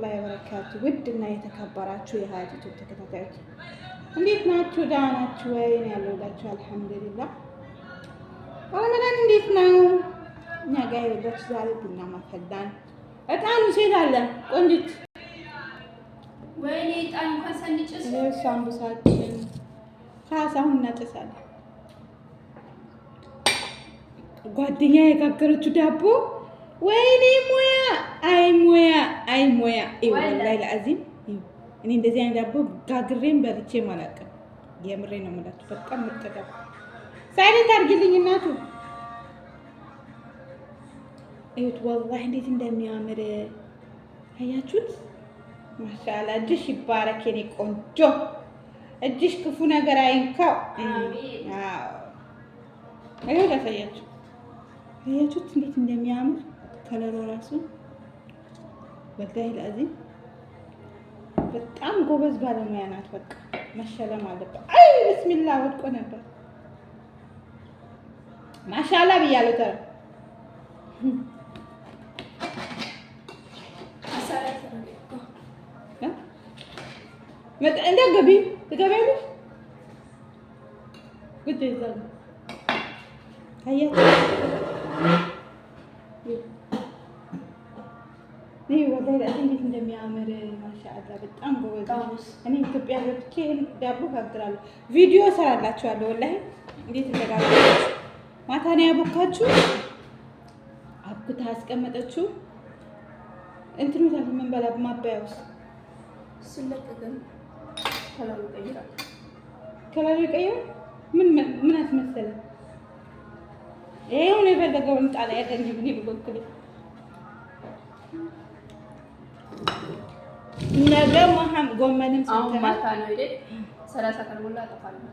ወራህመቱላሂ ወበረካቱ ውድ እና የተከበራችሁ የሀያት ዩቱብ ተከታታዮች እንዴት ናችሁ? ደህና ናችሁ ወይ? ያለውላችሁ አልሐምዱሊላህ። ረመዳን እንዴት ነው? እኛ ጋ የወዳችሁ ዛሬ ቡና ማፈላን እጣኑ ሴት አለ ቆንጅት ወይኔ ጣን ከሰንጭስ ሳምቡሳችን ካሳሁን እናጨሳለን። ጓደኛ የጋገረችው ዳቦ ወይኔ ሙያ አይ ሙያ አይ ሙያ ላይ ለአዚም እኔ እንደዚህ አይነት ዳቦ ጋግሬን በልቼም አላውቅም። የምሬ ነው የምላችሁ። በጣም ምርጥ ዳቦ። ሳይለንት አድርጊልኝ እናቱ። እዩት ወላሂ እንዴት እንደሚያምር አያችሁት? ማሻላ እጅሽ ይባረክ የኔ ቆንጆ፣ እጅሽ ክፉ ነገር አይንካው። ይኸው ላሳያችሁ። አያችሁት እንዴት እንደሚያምር ከለሩ ራሱ ወላሂ ለአዚም በጣም ጎበዝ ባለሙያ ናት። በቃ መሸለም አለበት። አይ ብስሚላ ወድቆ ነበር። ማሻላ ብያለሁ። ተራ እንደ ገቢ ትገቢያለሽ ጉዳይ ዛ ታያቸው ዳቦ እንዴት እንደሚያምር ማሻአላ፣ በጣም ጎበዝ። እኔ ኢትዮጵያ ገብቼ ይሄን ዳቦ ጋግራለሁ፣ ቪዲዮ ሰራላችኋለሁ። ወላሂ እንዴት እንደጋግራችሁ ማታ ነው ያቦካችሁ፣ አብኩታ አስቀመጠችው። እንትኑ ታል ምን በላ ማባያ ውስጥ ስለቀቀን ከላሉ ይቀይራል፣ ከላሉ ይቀይራል። ምን ምን አስመሰለ ይሄው ነው የፈለገውን ጣላ ያደንግ ምን ይብሎክልኝ ነገ ጎመንም ማታ ነው ሰላሳ ካልሞላ አጠፋለሁ።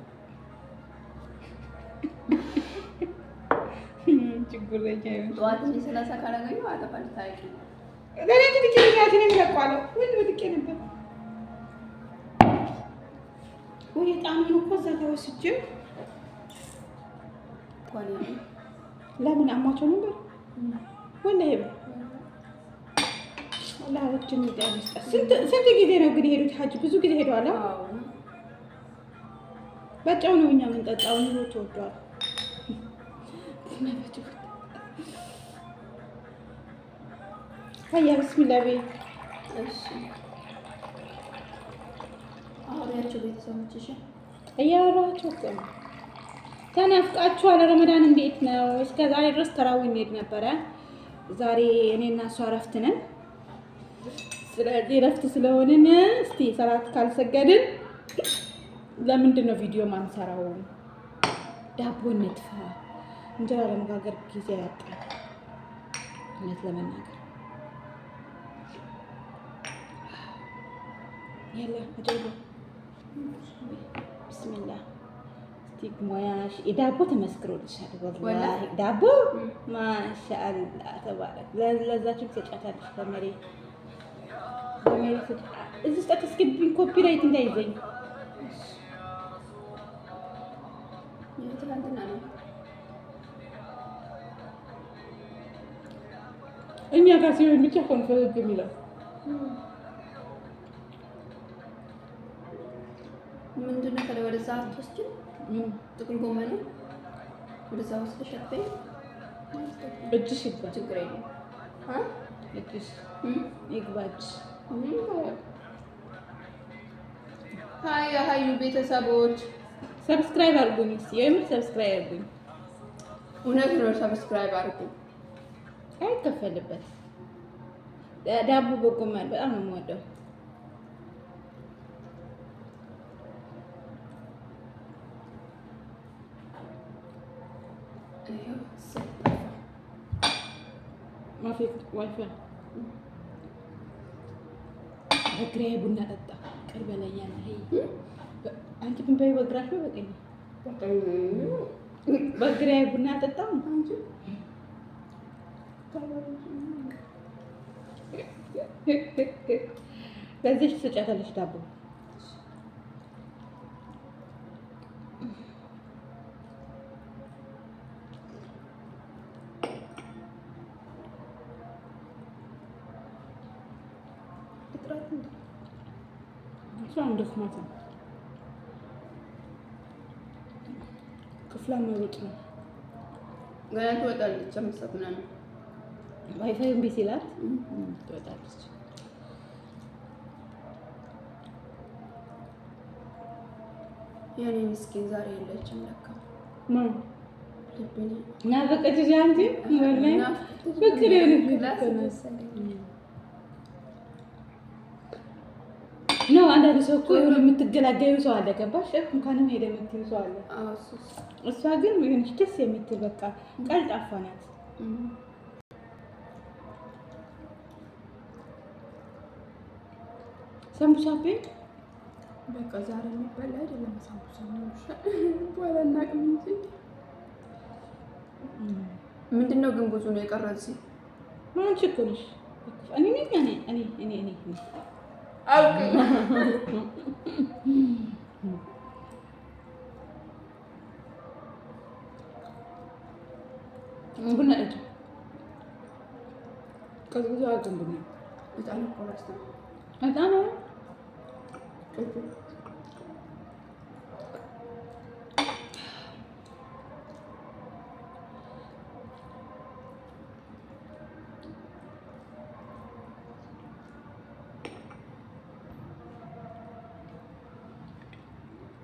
ችግረኛ ጠዋት ሰላሳ ካላገኘሁ አጠፋለሁ። ታሪክ ወንድ በትቄ ነበር ወይ ጣኑን እኮ እዛ ተወስጄ ለምን አሟቸው ነበር ወላ ላዎች የሚጣል ይስጣል። ስንት ጊዜ ነው ግን የሄዱት? ሀጅ ብዙ ጊዜ ሄደዋል። በጫው ነው እኛ የምንጠጣው። ኑሮ ተወዷል። ሀያ ብስሚላ ቤ አብሪያቸው ቤተሰቦች እሺ፣ እያወራኋቸው ተናፍቃችኋል። ረመዳን እንዴት ነው? እስከ ዛሬ ድረስ ተራዊ እንሄድ ነበረ። ዛሬ እኔና እሷ እረፍት ነን። ስለዚህ ረፍት ስለሆንን እስቲ ሰላት ካልሰገድን ለምንድን ነው ቪዲዮ ማንሰራው? ዳቦ ነጥፋ እንጀራ ለመጋገር ጊዜ ያጣ እውነት ለመናገር ያለ አደለ። ብስሚላ እስቲ ሞያሽ ዳቦ ተመስክሮልሻል። ወላሂ ዳቦ ማሻአላ ተባረክ። ለዛችሁም ተጫታለሽ በመሬት እዚህ ውስጥ አታስገቢኝ፣ ኮፒራይት እንዳይዘኝ። እኛ ጋር ሲሆን ብቻ እኮ ነው ፈገግ የሚለው። ምንድን ነው ከላይ ወደዛ አትወስጂም? ጥቅል ጎመን ወደዛ ወስደሽ አትበይም። እጅሽ ይባል ችግር የለም። ይግባጭ ይግባጭ ሀይ ሀዩ ቤተሰቦች ሰብስክራይብ አድርጉኝ። እስኪ የምር ሰብስክራይብ አድርጉኝ። እውነት ነው፣ ሰብስክራይብ አድርጉኝ። አይከፈልበት። ዳቦ በጎመን በጣም ነው የምወደው። ዋይፋይ በግራዬ ቡና ጠጣ። ቅርብ ላይ ያለ አንቺ ምን በይ በግራሽ በቀኝ በግራዬ ቡና ጠጣ። በዚች ስጫታለች ዳቦ እሷም ደክማት ነው ክፍላ መሮጥ ነው። ገና ትወጣለች። አምስት ሰዓት ምናምን ዋይፋይ እምቢ ሲላት ትወጣለች። የኔ ምስኪን ዛሬ የለችም ለካ ማን ናፈቀችሽ አንቺ? ወላሂ ፍቅር የሆነ ነው። አንዳንድ ሰው እኮ የሆነ የምትገላገዩ ሰው አለ፣ ገባሽ? እንኳንም ሄደ የምትይው ሰው አለ። እሷ ግን የሆነች ደስ የምትል በቃ ቀልጣፋ ናት። ሰምቡሳ ቤት በቃ ዛሬ የሚበላ አይደለም። ሰምቡሳ በኋላ እናቅም እንጂ ምንድን ነው ግን ብዙ ነው የቀረ እዚህ። ማን ችግር እኔ ነኝ እኔ እኔ እኔ او كده قلنا ايه كنت بتقول كنت بتقول كنت انا كنت انا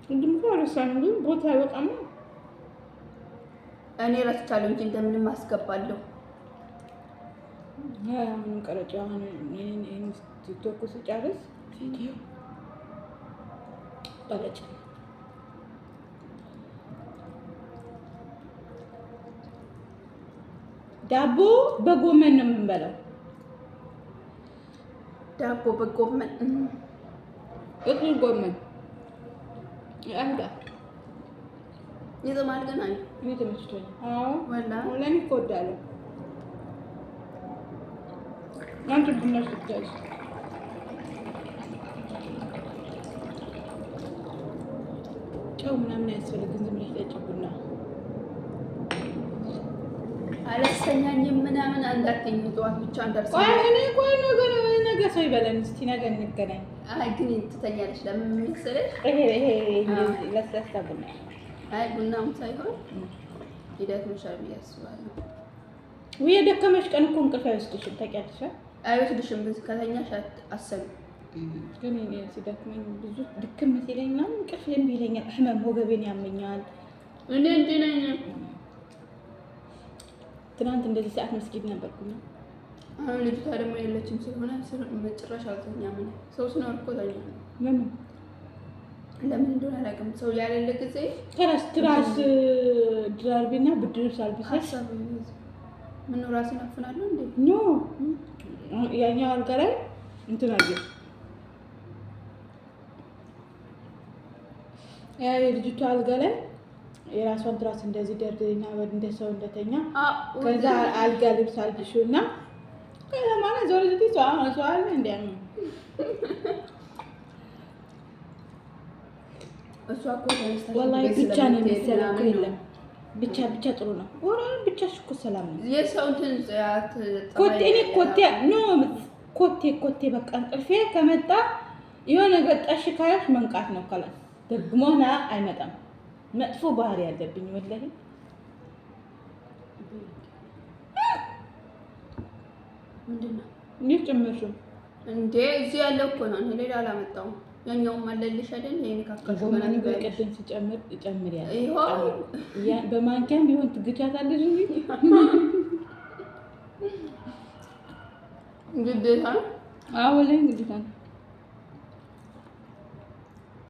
ቅድም እኮ አልረሳንም፣ ግን ቦታ አይወጣም። እኔ ረስቻለሁ እንጂ እንደምንም አስገባለሁ። ምንም ቲክቶክ ስጨርስ ቪዲዮ ዳቦ በጎመን ነው የምንበላው። ዳቦ በጎመን ጎመን አይሁዳ የዘማል ገና እኔ ተመችቶኝ። አዎ ወላ ለኔ እወዳለሁ። አንቺ ቡና ስትያዝ ጨው ምናምን አያስፈልግም። ዝም ብለሽ ጠጪ ቡና። አለሰኛኝም ምናምን አንዳትኝ። ጠዋት ብቻ አንደርሰ እኔ ቆይ ነገ ሰው ይበለን። እስኪ ነገ እንገናኝ። ግን ትተኛለች። ለምን መሰለሽ? ለስለሳ ቡና አይ ቡናም ሳይሆን ይደክምሻል አስባለሁ። ውይ የደከመሽ ቀን እኮ እንቅልፍ አይወስድሽም ታውቂያለሽ። አይወስድሽም ከተኛሽ ግን እኔ ሲደክመኝ ብዙ ድክም ሲለኝ ምናምን እንቅልፍ ልምብ ይለኛል። ህመም ወገቤን ያመኛል። እኔ እንዲህ ነኝ። ትናንት እንደዚህ ሰዓት መስጊድ ነበርኩኝ። አሁን ልጅቷ ደግሞ የለችም ስለሆነ መጨረሻ አልተኛም። እኔ ሰው ሲኖር እኮ ተኛለሁ። ለምን ለምን እንደሆነ አላውቅም። ሰው ያለለ ጊዜ ከራስ ትራስ ድራርቤና ብርድ ልብስ አልብሰሽ ምን ነው ራሴን አፍናለሁ እንዴ? ኖ ያኛው አልጋ ላይ እንትን አለ። ያ የልጅቷ አልጋ ላይ የራሷን ትራስ እንደዚህ ደርድርና እንደሰው እንደተኛ ከዛ አልጋ ልብስ አልብሽና ከማለ ዞር ጅቲ ሷማ ሷል እንዲያም ወላሂ ብቻ ነው የሚሰራው። እኮ የለም ብቻ ብቻ ጥሩ ነው። ወላሂ ብቻ እኮ ሰላም ነው። የሰው እንትን ኮቴ እኔ ኮቴ ኖ ኮቴ ኮቴ በቃ እንቅልፌ ከመጣ የሆነ ገጣሽ ካለሽ መንቃት ነው ካለ ደግሞና አይመጣም። መጥፎ ባህሪ ያለብኝ ወላሂ ምንድን ነው ይህ ጭምር እንዴ? እዚህ ያለው እኮ ነው። ሌላ አላመጣውም። ያኛው ማለልሽ አይደል? ይሄን ካከፈ ማለት ነው። ቅድም ሲጨምር ይጨምር ያለ ይሄ በማንኪያም ቢሆን ትግቻታለሽ እንጂ ግዴታ ነው። አዎ ላይ ግዴታ ነው።